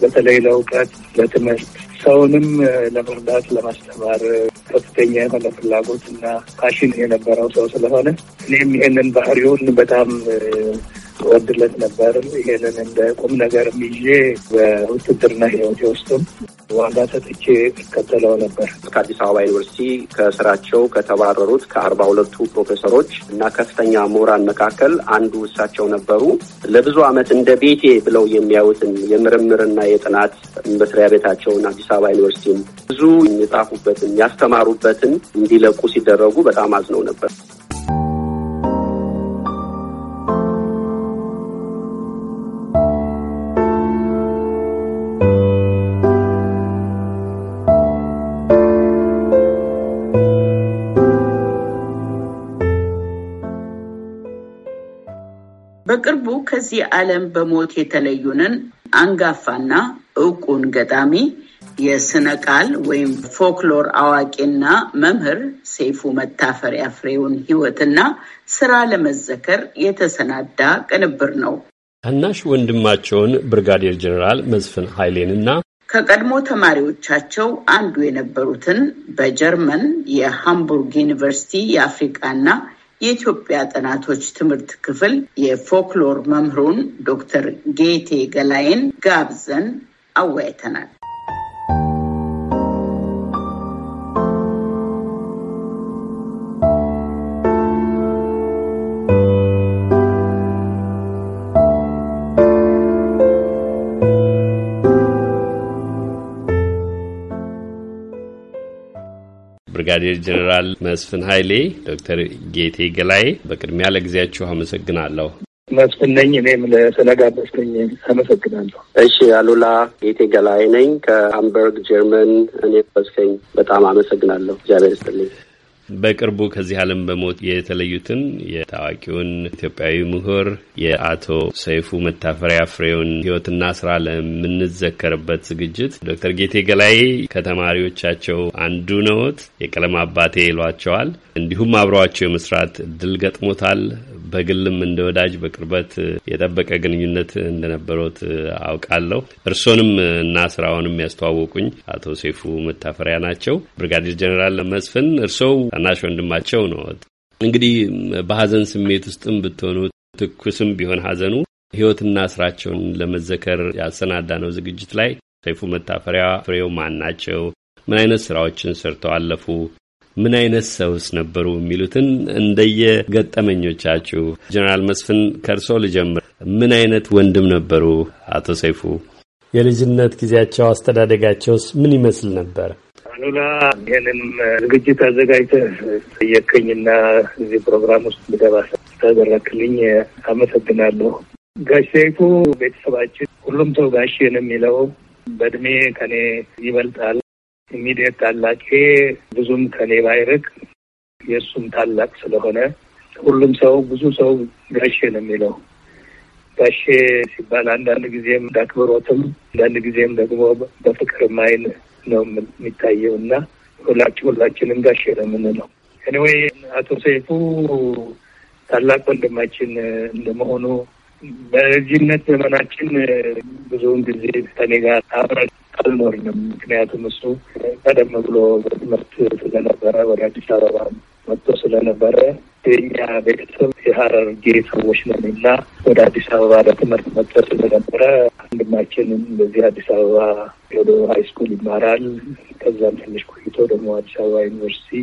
በተለይ ለእውቀት ለትምህርት ሰውንም ለመርዳት ለማስተማር ከፍተኛ የሆነ ፍላጎት እና ፋሽን የነበረው ሰው ስለሆነ እኔም ይሄንን ባህሪውን በጣም ወድለት ነበር። ይሄንን እንደ ቁም ነገር ይዤ በውትድርና ህይወቴ ውስጥም ዋጋ ሰጥቼ እከተለው ነበር። ከአዲስ አበባ ዩኒቨርሲቲ ከስራቸው ከተባረሩት ከአርባ ሁለቱ ፕሮፌሰሮች እና ከፍተኛ ምሁራን መካከል አንዱ እሳቸው ነበሩ። ለብዙ ዓመት እንደ ቤቴ ብለው የሚያዩትን የምርምርና የጥናት መስሪያ ቤታቸውን አዲስ አበባ ዩኒቨርሲቲም ብዙ የጻፉበትን ያስተማሩበትን እንዲለቁ ሲደረጉ በጣም አዝነው ነበር። በቅርቡ ከዚህ ዓለም በሞት የተለዩንን አንጋፋና እውቁን ገጣሚ የስነ ቃል ወይም ፎክሎር አዋቂና መምህር ሰይፉ መታፈሪያ ፍሬውን ህይወትና ስራ ለመዘከር የተሰናዳ ቅንብር ነው። ታናሽ ወንድማቸውን ብርጋዴር ጀኔራል መስፍን ኃይሌንና ከቀድሞ ተማሪዎቻቸው አንዱ የነበሩትን በጀርመን የሃምቡርግ ዩኒቨርሲቲ የአፍሪቃና የኢትዮጵያ ጥናቶች ትምህርት ክፍል የፎክሎር መምህሩን ዶክተር ጌቴ ገላይን ጋብዘን አወያይተናል። ብርጋዴር ጀኔራል መስፍን ኃይሌ፣ ዶክተር ጌቴ ገላዬ በቅድሚያ ለጊዜያችሁ አመሰግናለሁ። መስፍን ነኝ። እኔም ስለጋበዝከኝ አመሰግናለሁ። እሺ አሉላ ጌቴ ገላዬ ነኝ ከሃምበርግ ጀርመን። እኔ በዝከኝ በጣም አመሰግናለሁ። እግዚአብሔር ይስጥልኝ። በቅርቡ ከዚህ ዓለም በሞት የተለዩትን የታዋቂውን ኢትዮጵያዊ ምሁር የአቶ ሰይፉ መታፈሪያ ፍሬውን ሕይወትና ስራ ለምንዘከርበት ዝግጅት ዶክተር ጌቴ ገላይ ከተማሪዎቻቸው አንዱ ነዎት። የቀለም አባቴ ይሏቸዋል። እንዲሁም አብረዋቸው የመስራት እድል ገጥሞታል። በግልም እንደ ወዳጅ በቅርበት የጠበቀ ግንኙነት እንደነበሮት አውቃለሁ። እርሶንም እና ስራውንም ያስተዋወቁኝ አቶ ሰይፉ መታፈሪያ ናቸው። ብርጋዴር ጀኔራል መስፍን እርስዎ ታናሽ ወንድማቸው ነው። እንግዲህ በሀዘን ስሜት ውስጥም ብትሆኑ ትኩስም ቢሆን ሀዘኑ ህይወትና ስራቸውን ለመዘከር ያሰናዳ ነው ዝግጅት ላይ ሰይፉ መታፈሪያ ፍሬው ማን ናቸው? ምን አይነት ስራዎችን ሰርተው አለፉ? ምን አይነት ሰውስ ነበሩ? የሚሉትን እንደየ ገጠመኞቻችሁ። ጀነራል መስፍን ከእርሶ ልጀምር። ምን አይነት ወንድም ነበሩ አቶ ሰይፉ? የልጅነት ጊዜያቸው አስተዳደጋቸውስ ምን ይመስል ነበር? አሉላ ይህንን ዝግጅት አዘጋጅተህ ጠየከኝና እዚህ ፕሮግራም ውስጥ ብገባ ተደረክልኝ አመሰግናለሁ። ጋሽ ሰይፉ ቤተሰባችን ሁሉም ሰው ጋሼ ነው የሚለው በእድሜ ከኔ ይበልጣል። ኢሚዲየት ታላቄ ብዙም ከኔ ባይርቅ የእሱም ታላቅ ስለሆነ ሁሉም ሰው ብዙ ሰው ጋሼ ነው የሚለው። ጋሼ ሲባል አንዳንድ ጊዜም እንዳክብሮትም አንዳንድ ጊዜም ደግሞ በፍቅር ማይን ነው የሚታየው እና ሁላችን ሁላችንም ጋሼ ነው የምንለው። አቶ ሰይፉ ታላቅ ወንድማችን እንደመሆኑ በልጅነት ዘመናችን ብዙውን ጊዜ ከኔ ጋር አብረን አልኖርንም። ምክንያቱም እሱ ቀደም ብሎ በትምህርት ስለነበረ ወደ አዲስ አበባ መጥቶ ስለነበረ የኛ ቤተሰብ የሀረርጌ ሰዎች ነን እና ወደ አዲስ አበባ ለትምህርት መጥቶ ስለነበረ ወንድማችንም በዚህ አዲስ አበባ ሄዶ ሀይ ስኩል ይማራል። ከዛም ትንሽ ቆይቶ ደግሞ አዲስ አበባ ዩኒቨርሲቲ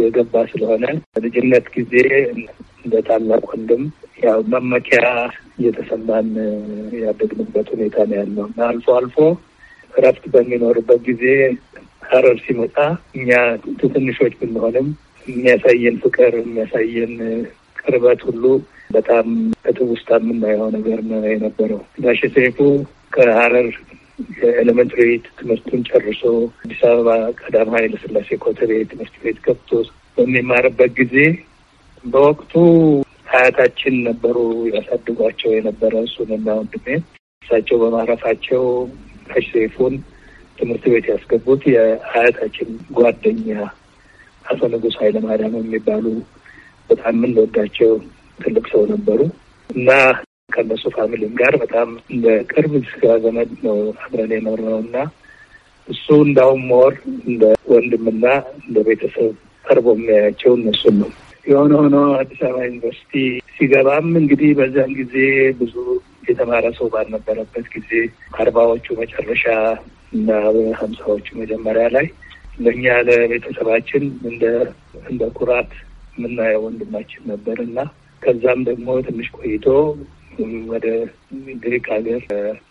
የገባ ስለሆነ ልጅነት ጊዜ እንደ ታላቅ ወንድም ያው መመኪያ እየተሰማን ያደግንበት ሁኔታ ነው ያለው እና አልፎ አልፎ እረፍት በሚኖርበት ጊዜ ሀረር ሲመጣ እኛ ትንሾች ብንሆንም የሚያሳየን ፍቅር የሚያሳየን ቅርበት ሁሉ በጣም ከትውስታ የምናየው ነገር የነበረው ጋሽ ሰይፉ ከሀረር የኤሌመንትሪ ትምህርቱን ጨርሶ አዲስ አበባ ቀዳማዊ ኃይለ ሥላሴ ኮተቤ ትምህርት ቤት ገብቶ በሚማርበት ጊዜ በወቅቱ አያታችን ነበሩ ያሳድጓቸው የነበረ እሱንና ወንድሜ። እሳቸው በማረፋቸው ጋሽ ሰይፉን ትምህርት ቤት ያስገቡት የአያታችን ጓደኛ አቶ ንጉስ ኃይለማርያም የሚባሉ በጣም የምንወዳቸው ትልቅ ሰው ነበሩ እና ከነሱ ፋሚሊም ጋር በጣም ለቅርብ ስጋ ዘመድ ነው አብረን የኖርነው እና እሱ እንዳውም ሞር እንደ ወንድምና እንደ ቤተሰብ ቀርቦ የሚያያቸው እነሱን ነው። የሆነ ሆኖ አዲስ አበባ ዩኒቨርሲቲ ሲገባም እንግዲህ በዚያን ጊዜ ብዙ የተማረ ሰው ባልነበረበት ጊዜ አርባዎቹ መጨረሻ እና በሀምሳዎቹ መጀመሪያ ላይ ለእኛ ለቤተሰባችን እንደ እንደ ኩራት የምናየው ወንድማችን ነበር እና ከዛም ደግሞ ትንሽ ቆይቶ ወደ ግሪክ ሀገር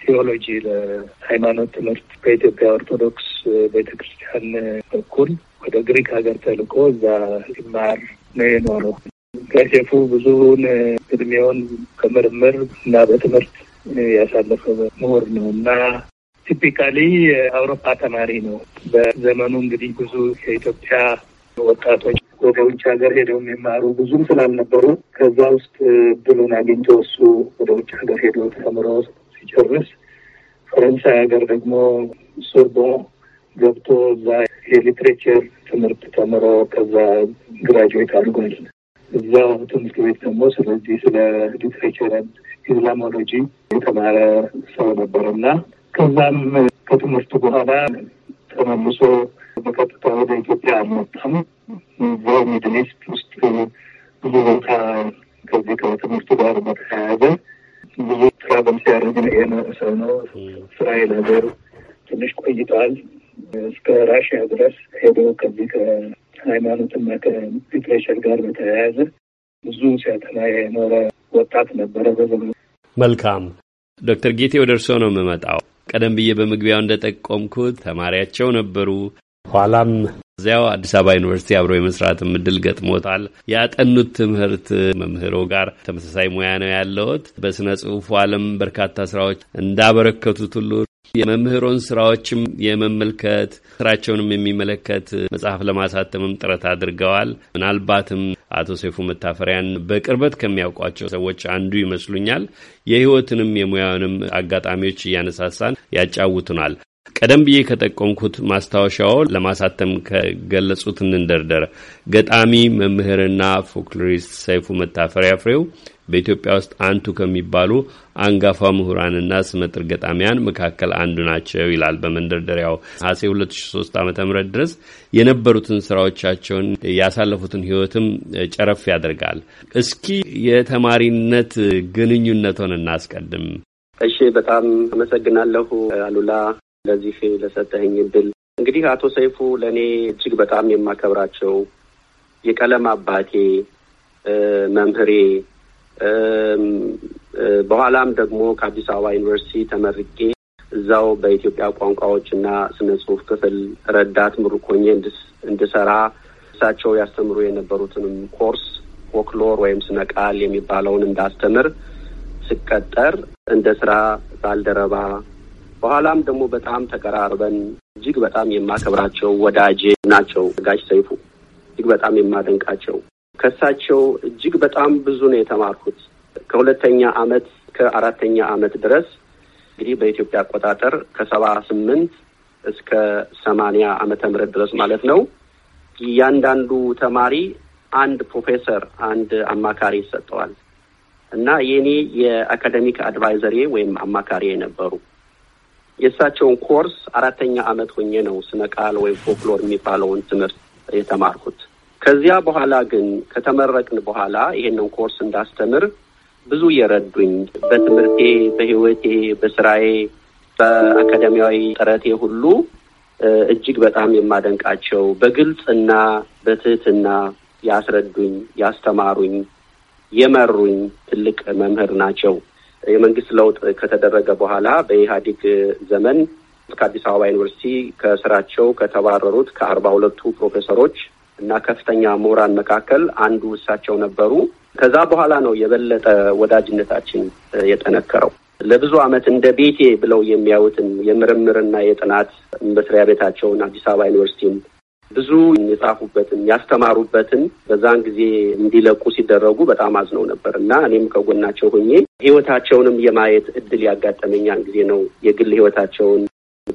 ቴዎሎጂ ለሃይማኖት ትምህርት በኢትዮጵያ ኦርቶዶክስ ቤተክርስቲያን በኩል ወደ ግሪክ ሀገር ተልኮ እዛ ሲማር ነው የኖረው። ከሴፉ ብዙውን እድሜውን ከምርምር እና በትምህርት ያሳለፈ ምሁር ነው እና ቲፒካሊ የአውሮፓ uh, ተማሪ ነው። በዘመኑ እንግዲህ ብዙ የኢትዮጵያ ወጣቶች ወደ ውጭ ሀገር ሄደው የሚማሩ ብዙም ስላልነበሩ ከዛ ውስጥ ብሉን uh, አግኝቶ እሱ ወደ ውጭ ሀገር ሄዶ ተምሮ ሲጨርስ ፈረንሳይ ሀገር ደግሞ ሶርቦ ገብቶ እዛ የሊትሬቸር ትምህርት ተምሮ ከዛ ግራጁዌት አድርጓል። እዛው ትምህርት ቤት ደግሞ ስለዚህ ስለ ሊትሬቸርን ኢስላሞሎጂ የተማረ ሰው ነበረ እና ከዛም ከትምህርቱ በኋላ ተመልሶ በቀጥታ ወደ ኢትዮጵያ አልመጣም። እዛው ውስጥ ብዙ ቦታ ከዚህ ከትምህርቱ ጋር በተያያዘ ብዙ ስራ በምሲያደርግ የሰው ነው። እስራኤል ሀገር ትንሽ ቆይተዋል። እስከ ራሽያ ድረስ ሄዶ ከዚህ ከሃይማኖትና ከሊትሬቸር ጋር በተያያዘ ብዙ ሲያጠና የኖረ ወጣት ነበረ በዘመኑ። መልካም ዶክተር ጌቴ ወደ እርስዎ ነው የምመጣው። ቀደም ብዬ በመግቢያው እንደጠቆምኩት ተማሪያቸው ነበሩ። ኋላም እዚያው አዲስ አበባ ዩኒቨርሲቲ አብሮ የመስራት እድል ገጥሞታል። ያጠኑት ትምህርት መምህሮ ጋር ተመሳሳይ ሙያ ነው ያለውት በስነ ጽሑፉ ዓለም በርካታ ስራዎች እንዳበረከቱት ሁሉ የመምህሮን ስራዎችም የመመልከት ስራቸውንም የሚመለከት መጽሐፍ ለማሳተምም ጥረት አድርገዋል። ምናልባትም አቶ ሰይፉ መታፈሪያን በቅርበት ከሚያውቋቸው ሰዎች አንዱ ይመስሉኛል። የህይወትንም የሙያውንም አጋጣሚዎች እያነሳሳን ያጫውቱናል። ቀደም ብዬ ከጠቆምኩት ማስታወሻው ለማሳተም ከገለጹት እንንደርደር። ገጣሚ መምህርና ፎክሎሪስት ሰይፉ መታፈሪያ ፍሬው በኢትዮጵያ ውስጥ አንቱ ከሚባሉ አንጋፋ ምሁራንና ስመጥር ገጣሚያን መካከል አንዱ ናቸው ይላል በመንደርደሪያው። ሐሴ 2003 ዓ.ም ድረስ የነበሩትን ስራዎቻቸውን ያሳለፉትን ህይወትም ጨረፍ ያደርጋል። እስኪ የተማሪነት ግንኙነቶን እናስቀድም። እሺ፣ በጣም አመሰግናለሁ አሉላ ለዚህ ለሰጠኝ እድል። እንግዲህ አቶ ሰይፉ ለእኔ እጅግ በጣም የማከብራቸው የቀለም አባቴ መምህሬ በኋላም ደግሞ ከአዲስ አበባ ዩኒቨርሲቲ ተመርቄ እዛው በኢትዮጵያ ቋንቋዎችና ስነ ጽሁፍ ክፍል ረዳት ምሩኮኜ እንድሰራ እሳቸው ያስተምሩ የነበሩትንም ኮርስ ፎክሎር ወይም ስነ ቃል የሚባለውን እንዳስተምር ስቀጠር እንደ ስራ ባልደረባ በኋላም ደግሞ በጣም ተቀራርበን እጅግ በጣም የማከብራቸው ወዳጄ ናቸው ጋሽ ሰይፉ እጅግ በጣም የማደንቃቸው ከእሳቸው እጅግ በጣም ብዙ ነው የተማርኩት። ከሁለተኛ አመት ከአራተኛ አመት ድረስ እንግዲህ በኢትዮጵያ አቆጣጠር ከሰባ ስምንት እስከ ሰማንያ አመተ ምህረት ድረስ ማለት ነው። እያንዳንዱ ተማሪ አንድ ፕሮፌሰር፣ አንድ አማካሪ ይሰጠዋል እና የኔ የአካደሚክ አድቫይዘር ወይም አማካሪ የነበሩ የእሳቸውን ኮርስ አራተኛ አመት ሆኜ ነው ስነ ቃል ወይም ፎክሎር የሚባለውን ትምህርት የተማርኩት። ከዚያ በኋላ ግን ከተመረቅን በኋላ ይሄንን ኮርስ እንዳስተምር ብዙ የረዱኝ በትምህርቴ፣ በህይወቴ፣ በስራዬ፣ በአካዳሚያዊ ጥረቴ ሁሉ እጅግ በጣም የማደንቃቸው በግልጽና በትህትና ያስረዱኝ፣ ያስተማሩኝ፣ የመሩኝ ትልቅ መምህር ናቸው። የመንግስት ለውጥ ከተደረገ በኋላ በኢህአዴግ ዘመን ከአዲስ አበባ ዩኒቨርሲቲ ከስራቸው ከተባረሩት ከአርባ ሁለቱ ፕሮፌሰሮች እና ከፍተኛ ምሁራን መካከል አንዱ እሳቸው ነበሩ። ከዛ በኋላ ነው የበለጠ ወዳጅነታችን የጠነከረው። ለብዙ ዓመት እንደ ቤቴ ብለው የሚያዩትን የምርምርና የጥናት መስሪያ ቤታቸውን አዲስ አበባ ዩኒቨርሲቲን ብዙ የጻፉበትን ያስተማሩበትን በዛን ጊዜ እንዲለቁ ሲደረጉ በጣም አዝነው ነበር እና እኔም ከጎናቸው ሆኜ ህይወታቸውንም የማየት እድል ያጋጠመኛን ጊዜ ነው። የግል ህይወታቸውን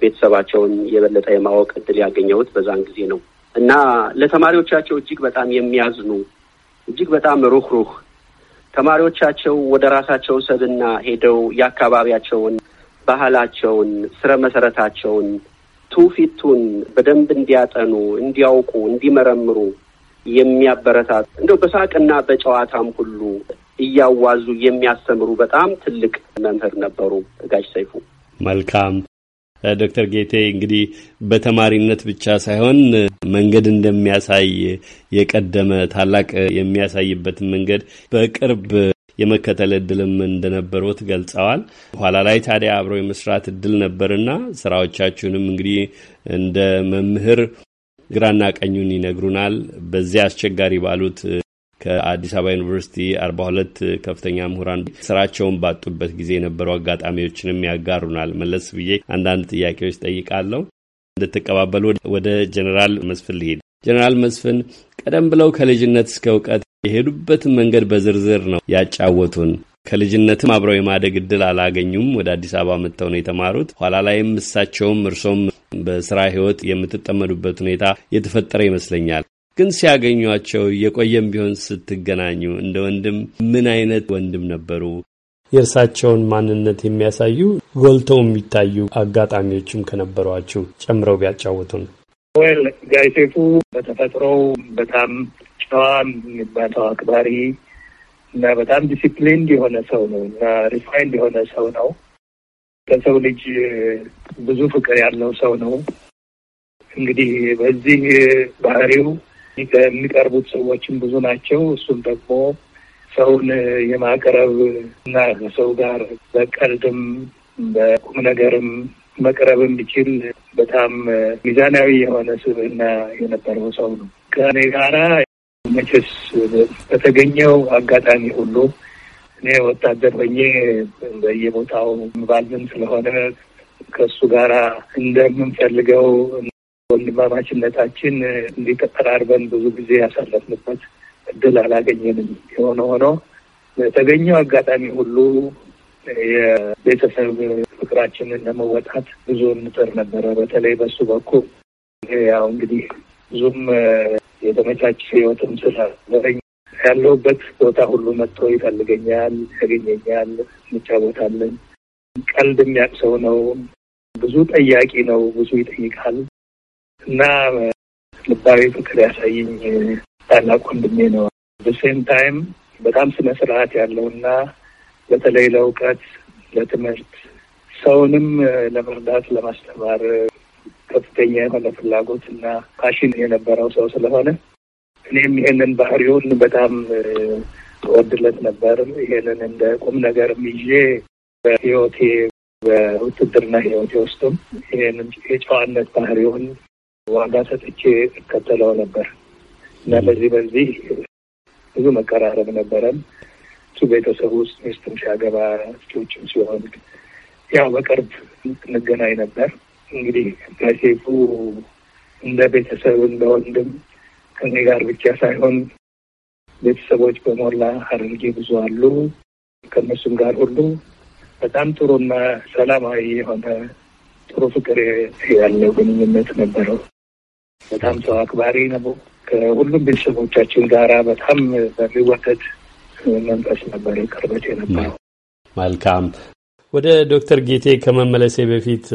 ቤተሰባቸውን የበለጠ የማወቅ እድል ያገኘሁት በዛን ጊዜ ነው። እና ለተማሪዎቻቸው እጅግ በጣም የሚያዝኑ እጅግ በጣም ሩህሩህ ተማሪዎቻቸው ወደ ራሳቸው ሰብና ሄደው የአካባቢያቸውን ባህላቸውን፣ ስረ መሰረታቸውን፣ ትውፊቱን በደንብ እንዲያጠኑ፣ እንዲያውቁ፣ እንዲመረምሩ የሚያበረታት እንደው በሳቅና በጨዋታም ሁሉ እያዋዙ የሚያስተምሩ በጣም ትልቅ መምህር ነበሩ ጋሽ ሰይፉ። መልካም ዶክተር ጌቴ እንግዲህ በተማሪነት ብቻ ሳይሆን መንገድ እንደሚያሳይ የቀደመ ታላቅ የሚያሳይበትን መንገድ በቅርብ የመከተል እድልም እንደነበሩት ገልጸዋል። ኋላ ላይ ታዲያ አብሮ የመስራት እድል ነበርና ስራዎቻችሁንም እንግዲህ እንደ መምህር ግራና ቀኙን ይነግሩናል። በዚያ አስቸጋሪ ባሉት ከአዲስ አበባ ዩኒቨርሲቲ አርባ ሁለት ከፍተኛ ምሁራን ስራቸውን ባጡበት ጊዜ የነበሩ አጋጣሚዎችንም ያጋሩናል። መለስ ብዬ አንዳንድ ጥያቄዎች ጠይቃለሁ እንድትቀባበሉ ወደ ጀኔራል መስፍን ልሄድ። ጀኔራል መስፍን ቀደም ብለው ከልጅነት እስከ እውቀት የሄዱበትን መንገድ በዝርዝር ነው ያጫወቱን። ከልጅነትም አብረው የማደግ እድል አላገኙም። ወደ አዲስ አበባ መጥተው ነው የተማሩት። ኋላ ላይም እሳቸውም እርሶም በስራ ህይወት የምትጠመዱበት ሁኔታ የተፈጠረ ይመስለኛል። ግን ሲያገኟቸው የቆየም ቢሆን ስትገናኙ እንደ ወንድም ምን አይነት ወንድም ነበሩ? የእርሳቸውን ማንነት የሚያሳዩ ጎልተው የሚታዩ አጋጣሚዎችም ከነበሯችሁ ጨምረው ቢያጫውቱን። ወል ጋይሴቱ በተፈጥሮው በጣም ጨዋ የሚባለው አክባሪ እና በጣም ዲሲፕሊንድ የሆነ ሰው ነው እና ሪፋይንድ የሆነ ሰው ነው። ለሰው ልጅ ብዙ ፍቅር ያለው ሰው ነው። እንግዲህ በዚህ ባህሪው የሚቀርቡት ሰዎችም ብዙ ናቸው። እሱም ደግሞ ሰውን የማቅረብ እና ከሰው ጋር በቀልድም በቁም ነገርም መቅረብ የሚችል በጣም ሚዛናዊ የሆነ ስብዕና የነበረው ሰው ነው። ከእኔ ጋራ መቼስ በተገኘው አጋጣሚ ሁሉ እኔ ወታደር ሆኜ በየቦታው ባልን ስለሆነ ከእሱ ጋራ እንደምንፈልገው ወንድማማችነታችን እንዲህ ተቀራርበን ብዙ ጊዜ ያሳለፍንበት እድል አላገኘንም። የሆነ ሆኖ በተገኘው አጋጣሚ ሁሉ የቤተሰብ ፍቅራችንን ለመወጣት ብዙ እንጥር ነበረ። በተለይ በሱ በኩል ያው እንግዲህ ብዙም የተመቻቸ ህይወትም ስላልነበረኝ ያለሁበት ቦታ ሁሉ መጥቶ ይፈልገኛል፣ ያገኘኛል፣ እንጫወታለን። ቀልድ የሚያቅሰው ነው። ብዙ ጠያቂ ነው። ብዙ ይጠይቃል። እና ልባዊ ፍቅር ያሳየኝ ታላቅ ወንድሜ ነው። በሴም ታይም በጣም ስነ ስርዓት ያለው እና በተለይ ለእውቀት ለትምህርት ሰውንም ለመርዳት ለማስተማር ከፍተኛ የሆነ ፍላጎት እና ፓሽን የነበረው ሰው ስለሆነ እኔም ይሄንን ባህሪውን በጣም ወድለት ነበር። ይሄንን እንደ ቁም ነገርም ይዤ በህይወቴ በውትድርና ህይወቴ ውስጥም ይሄንን የጨዋነት ባህሪውን ዋጋ ሰጥቼ እከተለው ነበር እና በዚህ በዚህ ብዙ መቀራረብ ነበረም። እሱ ቤተሰብ ውስጥ ሚስትም ሲያገባ ልጆችም ሲሆን ያው በቅርብ እንገናኝ ነበር። እንግዲህ በሴፉ እንደ ቤተሰብ እንደ ወንድም ከኔ ጋር ብቻ ሳይሆን ቤተሰቦች በሞላ ሐረርጌ ብዙ አሉ። ከእነሱም ጋር ሁሉ በጣም ጥሩና ሰላማዊ የሆነ ጥሩ ፍቅር ያለው ግንኙነት ነበረው። በጣም ሰው አክባሪ ነው። ከሁሉም ቤተሰቦቻችን ጋራ በጣም በሚወደድ መንፈስ ነበር ቅርበት የነበረው። መልካም። ወደ ዶክተር ጌቴ ከመመለሴ በፊት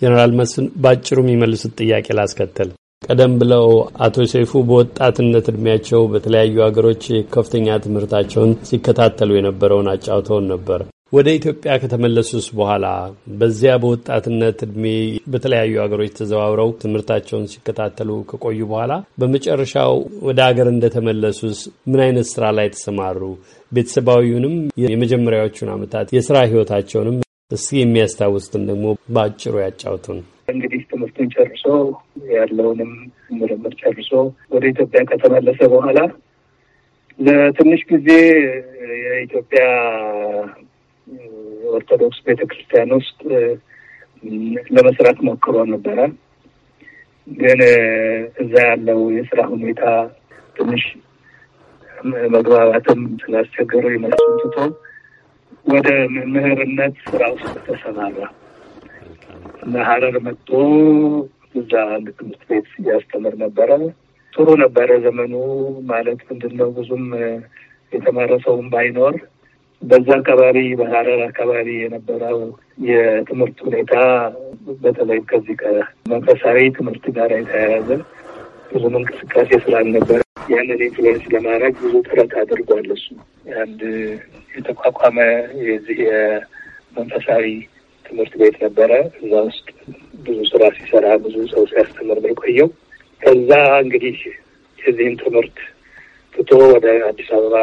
ጀነራል መስፍን በአጭሩ የሚመልሱት ጥያቄ ላስከተል። ቀደም ብለው አቶ ሰይፉ በወጣትነት እድሜያቸው በተለያዩ ሀገሮች ከፍተኛ ትምህርታቸውን ሲከታተሉ የነበረውን አጫውተውን ነበር። ወደ ኢትዮጵያ ከተመለሱስ በኋላ በዚያ በወጣትነት እድሜ በተለያዩ ሀገሮች ተዘዋውረው ትምህርታቸውን ሲከታተሉ ከቆዩ በኋላ በመጨረሻው ወደ ሀገር እንደተመለሱስ ምን አይነት ስራ ላይ ተሰማሩ? ቤተሰባዊውንም የመጀመሪያዎቹን አመታት የስራ ህይወታቸውንም እስኪ የሚያስታውሱትን ደግሞ በአጭሩ ያጫውቱን። እንግዲህ ትምህርቱን ጨርሶ ያለውንም ምርምር ጨርሶ ወደ ኢትዮጵያ ከተመለሰ በኋላ ለትንሽ ጊዜ የኢትዮጵያ ኦርቶዶክስ ቤተክርስቲያን ውስጥ ለመስራት ሞክሮ ነበረ። ግን እዛ ያለው የስራ ሁኔታ ትንሽ መግባባትም ስላስቸገሩ የመለሱን ትቶ ወደ መምህርነት ስራ ውስጥ ተሰማራ እና ሀረር መጥቶ እዛ አንድ ትምህርት ቤት ያስተምር ነበረ። ጥሩ ነበረ ዘመኑ ማለት ምንድን ነው ብዙም የተማረ ሰውም ባይኖር በዛ አካባቢ በሀረር አካባቢ የነበረው የትምህርት ሁኔታ በተለይ ከዚህ ከመንፈሳዊ ትምህርት ጋር የተያያዘ ብዙም እንቅስቃሴ ስላልነበረ ያንን ኢንፍሉዌንስ ለማድረግ ብዙ ጥረት አድርጓል። እሱ አንድ የተቋቋመ የዚህ የመንፈሳዊ ትምህርት ቤት ነበረ። እዛ ውስጥ ብዙ ስራ ሲሰራ ብዙ ሰው ሲያስተምር ነው የቆየው። ከዛ እንግዲህ የዚህን ትምህርት ትቶ ወደ አዲስ አበባ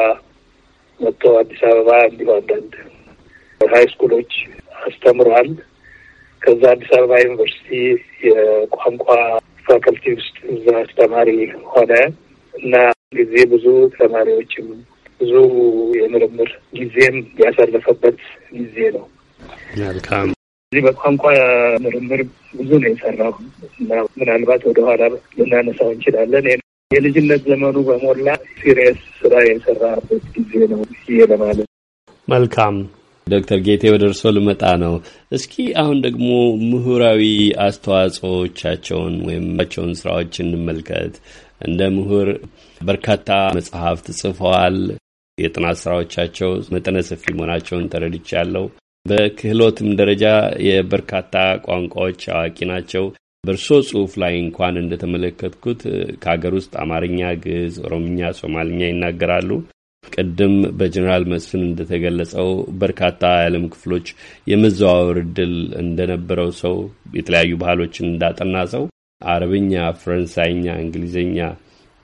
መጥቶ አዲስ አበባ እንዲሁ አንዳንድ ሀይ ስኩሎች አስተምሯል። ከዛ አዲስ አበባ ዩኒቨርሲቲ የቋንቋ ፋካልቲ ውስጥ እዛ አስተማሪ ሆነ እና ጊዜ ብዙ ተማሪዎችም ብዙ የምርምር ጊዜም ያሳለፈበት ጊዜ ነው። መልካም እዚህ በቋንቋ ምርምር ብዙ ነው የሰራው እና ምናልባት ወደኋላ ልናነሳው እንችላለን። የልጅነት ዘመኑ በሞላ ሲሪየስ ስራ የሰራበት ጊዜ ነው ይሄ ለማለት መልካም ዶክተር ጌቴ ወደ እርስዎ ልመጣ ነው። እስኪ አሁን ደግሞ ምሁራዊ አስተዋጽኦቻቸውን ወይምቸውን ስራዎች እንመልከት። እንደ ምሁር በርካታ መጽሐፍት ጽፈዋል። የጥናት ስራዎቻቸው መጠነ ሰፊ መሆናቸውን ተረድቻለሁ። በክህሎትም ደረጃ የበርካታ ቋንቋዎች አዋቂ ናቸው። በእርሶ ጽሁፍ ላይ እንኳን እንደተመለከትኩት ከሀገር ውስጥ አማርኛ፣ ግዕዝ፣ ኦሮምኛ፣ ሶማልኛ ይናገራሉ። ቅድም በጀኔራል መስፍን እንደተገለጸው በርካታ የዓለም ክፍሎች የመዘዋወር እድል እንደነበረው ሰው የተለያዩ ባህሎችን እንዳጠና ሰው አረብኛ፣ ፈረንሳይኛ፣ እንግሊዝኛ፣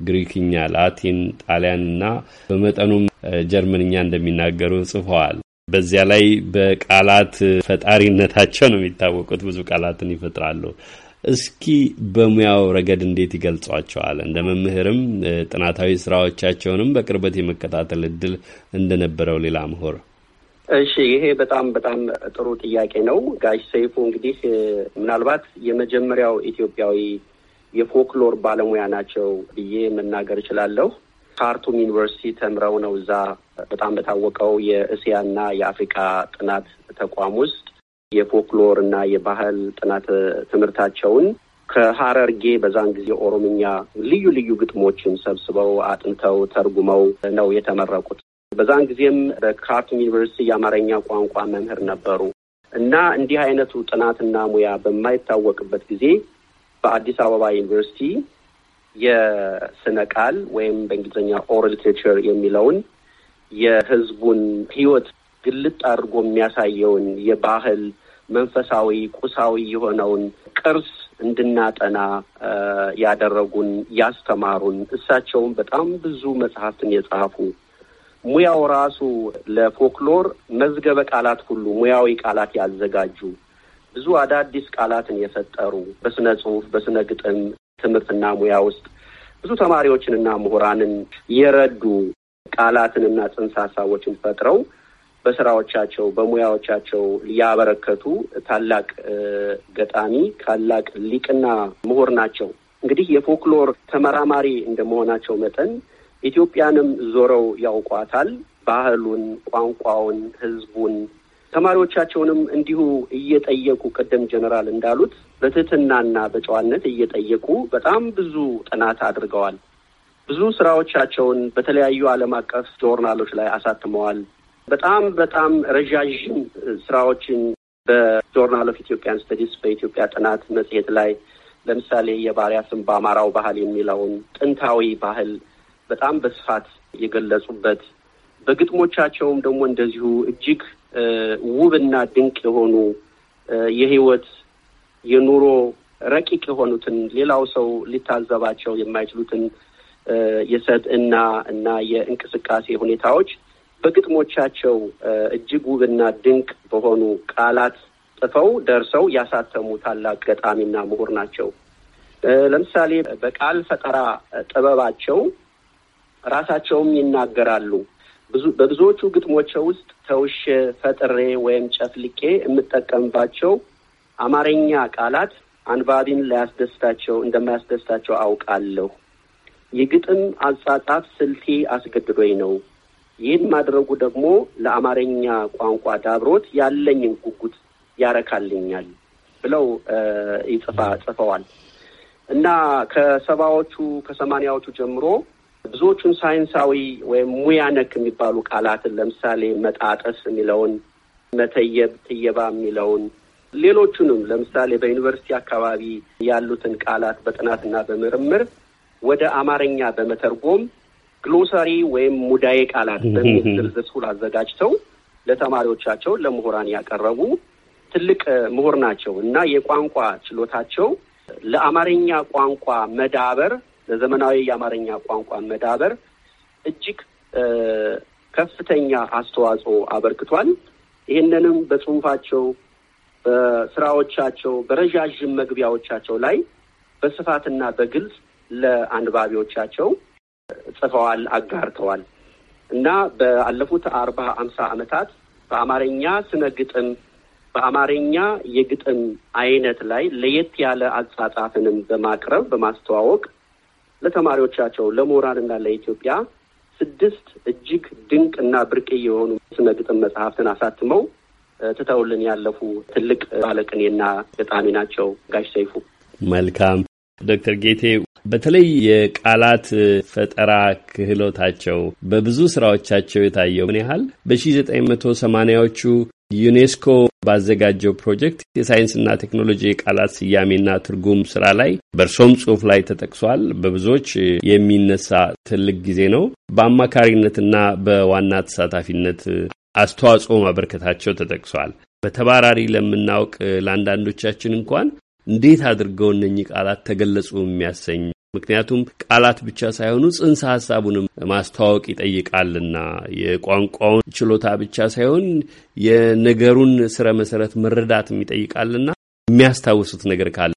ግሪክኛ፣ ላቲን፣ ጣሊያን እና በመጠኑም ጀርመንኛ እንደሚናገሩ ጽፈዋል። በዚያ ላይ በቃላት ፈጣሪነታቸው ነው የሚታወቁት። ብዙ ቃላትን ይፈጥራሉ። እስኪ በሙያው ረገድ እንዴት ይገልጿቸዋል? እንደ መምህርም ጥናታዊ ስራዎቻቸውንም በቅርበት የመከታተል እድል እንደነበረው ሌላ ምሁር እሺ፣ ይሄ በጣም በጣም ጥሩ ጥያቄ ነው። ጋሽ ሰይፉ እንግዲህ ምናልባት የመጀመሪያው ኢትዮጵያዊ የፎክሎር ባለሙያ ናቸው ብዬ መናገር እችላለሁ። ካርቱም ዩኒቨርሲቲ ተምረው ነው እዛ በጣም በታወቀው የእስያና የአፍሪካ ጥናት ተቋም ውስጥ የፎክሎር እና የባህል ጥናት ትምህርታቸውን ከሀረርጌ በዛን ጊዜ ኦሮምኛ ልዩ ልዩ ግጥሞችን ሰብስበው አጥንተው ተርጉመው ነው የተመረቁት። በዛን ጊዜም በካርቱም ዩኒቨርሲቲ የአማርኛ ቋንቋ መምህር ነበሩ እና እንዲህ አይነቱ ጥናትና ሙያ በማይታወቅበት ጊዜ በአዲስ አበባ ዩኒቨርሲቲ የስነ ቃል ወይም በእንግሊዝኛ ኦራል ሊትሬቸር የሚለውን የህዝቡን ህይወት። ግልጥ አድርጎ የሚያሳየውን የባህል መንፈሳዊ፣ ቁሳዊ የሆነውን ቅርስ እንድናጠና ያደረጉን ያስተማሩን፣ እሳቸውም በጣም ብዙ መጽሐፍትን የጻፉ ሙያው ራሱ ለፎክሎር መዝገበ ቃላት ሁሉ ሙያዊ ቃላት ያዘጋጁ ብዙ አዳዲስ ቃላትን የፈጠሩ በስነ ጽሁፍ፣ በስነ ግጥም ትምህርትና ሙያ ውስጥ ብዙ ተማሪዎችንና ምሁራንን የረዱ ቃላትንና ጽንሰ ሀሳቦችን ፈጥረው በስራዎቻቸው በሙያዎቻቸው ያበረከቱ ታላቅ ገጣሚ ታላቅ ሊቅና ምሁር ናቸው። እንግዲህ የፎክሎር ተመራማሪ እንደመሆናቸው መጠን ኢትዮጵያንም ዞረው ያውቋታል። ባህሉን፣ ቋንቋውን፣ ህዝቡን ተማሪዎቻቸውንም እንዲሁ እየጠየቁ ቅድም ጀነራል እንዳሉት በትህትናና በጨዋነት እየጠየቁ በጣም ብዙ ጥናት አድርገዋል። ብዙ ስራዎቻቸውን በተለያዩ ዓለም አቀፍ ጆርናሎች ላይ አሳትመዋል። በጣም በጣም ረዣዥም ስራዎችን በጆርናል ኦፍ ኢትዮጵያን ስተዲስ በኢትዮጵያ ጥናት መጽሔት ላይ ለምሳሌ የባሪያ ስም በአማራው ባህል የሚለውን ጥንታዊ ባህል በጣም በስፋት የገለጹበት በግጥሞቻቸውም ደግሞ እንደዚሁ እጅግ ውብና ድንቅ የሆኑ የህይወት የኑሮ ረቂቅ የሆኑትን ሌላው ሰው ሊታዘባቸው የማይችሉትን የሰብእና እና የእንቅስቃሴ ሁኔታዎች በግጥሞቻቸው እጅግ ውብና ድንቅ በሆኑ ቃላት ጽፈው ደርሰው ያሳተሙ ታላቅ ገጣሚና ምሁር ናቸው። ለምሳሌ በቃል ፈጠራ ጥበባቸው ራሳቸውም ይናገራሉ። ብዙ በብዙዎቹ ግጥሞቼ ውስጥ ተውሼ፣ ፈጥሬ ወይም ጨፍልቄ የምጠቀምባቸው አማርኛ ቃላት አንባቢን ላያስደስታቸው እንደማያስደስታቸው አውቃለሁ። የግጥም አጻጻፍ ስልቴ አስገድዶኝ ነው። ይህን ማድረጉ ደግሞ ለአማርኛ ቋንቋ ዳብሮት ያለኝን ጉጉት ያረካልኛል ብለው ይጽፋ ጽፈዋል እና ከሰባዎቹ ከሰማኒያዎቹ ጀምሮ ብዙዎቹን ሳይንሳዊ ወይም ሙያ ነክ የሚባሉ ቃላትን ለምሳሌ መጣጠስ የሚለውን መተየብ፣ ትየባ የሚለውን ሌሎቹንም ለምሳሌ በዩኒቨርሲቲ አካባቢ ያሉትን ቃላት በጥናትና በምርምር ወደ አማርኛ በመተርጎም ግሎሰሪ ወይም ሙዳዬ ቃላት በሚል ዝርዝር አዘጋጅተው ለተማሪዎቻቸው ለምሁራን ያቀረቡ ትልቅ ምሁር ናቸው እና የቋንቋ ችሎታቸው ለአማርኛ ቋንቋ መዳበር ለዘመናዊ የአማርኛ ቋንቋ መዳበር እጅግ ከፍተኛ አስተዋጽኦ አበርክቷል። ይህንንም በጽሁፋቸው፣ በስራዎቻቸው፣ በረዣዥም መግቢያዎቻቸው ላይ በስፋትና በግልጽ ለአንባቢዎቻቸው ጽፈዋል፣ አጋርተዋል እና በአለፉት አርባ አምሳ ዓመታት በአማርኛ ስነ ግጥም በአማርኛ የግጥም አይነት ላይ ለየት ያለ አጻጻፍንም በማቅረብ በማስተዋወቅ ለተማሪዎቻቸው ለምሁራንና ለኢትዮጵያ ስድስት እጅግ ድንቅ እና ብርቅ የሆኑ ስነ ግጥም መጽሐፍትን አሳትመው ትተውልን ያለፉ ትልቅ ባለቅኔና ገጣሚ ናቸው ጋሽ ሰይፉ። መልካም ዶክተር ጌቴ በተለይ የቃላት ፈጠራ ክህሎታቸው በብዙ ስራዎቻቸው የታየው ምን ያህል በ1980ዎቹ ዩኔስኮ ባዘጋጀው ፕሮጀክት የሳይንስና ቴክኖሎጂ የቃላት ስያሜና ትርጉም ስራ ላይ በእርሶም ጽሁፍ ላይ ተጠቅሷል። በብዙዎች የሚነሳ ትልቅ ጊዜ ነው። በአማካሪነትና በዋና ተሳታፊነት አስተዋጽኦ ማበርከታቸው ተጠቅሷል። በተባራሪ ለምናውቅ ለአንዳንዶቻችን እንኳን እንዴት አድርገው እነኚህ ቃላት ተገለጹ የሚያሰኝ ምክንያቱም ቃላት ብቻ ሳይሆኑ ጽንሰ ሀሳቡንም ማስተዋወቅ ይጠይቃልና የቋንቋውን ችሎታ ብቻ ሳይሆን የነገሩን ስረ መሰረት መረዳትም ይጠይቃልና የሚያስታውሱት ነገር ካለ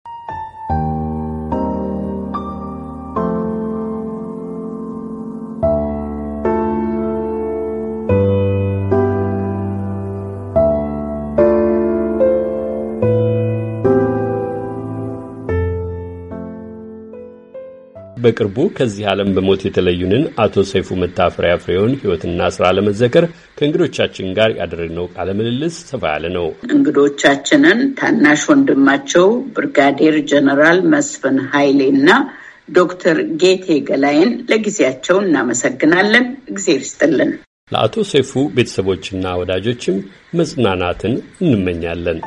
በቅርቡ ከዚህ ዓለም በሞት የተለዩንን አቶ ሰይፉ መታፈሪያ ፍሬውን ሕይወትና ስራ ለመዘከር ከእንግዶቻችን ጋር ያደረግነው ቃለ ምልልስ ሰፋ ያለ ነው። እንግዶቻችንን ታናሽ ወንድማቸው ብርጋዴር ጀነራል መስፍን ኃይሌ እና ዶክተር ጌቴ ገላይን ለጊዜያቸው እናመሰግናለን። እግዜር ይስጥልን። ለአቶ ሰይፉ ቤተሰቦችና ወዳጆችም መጽናናትን እንመኛለን።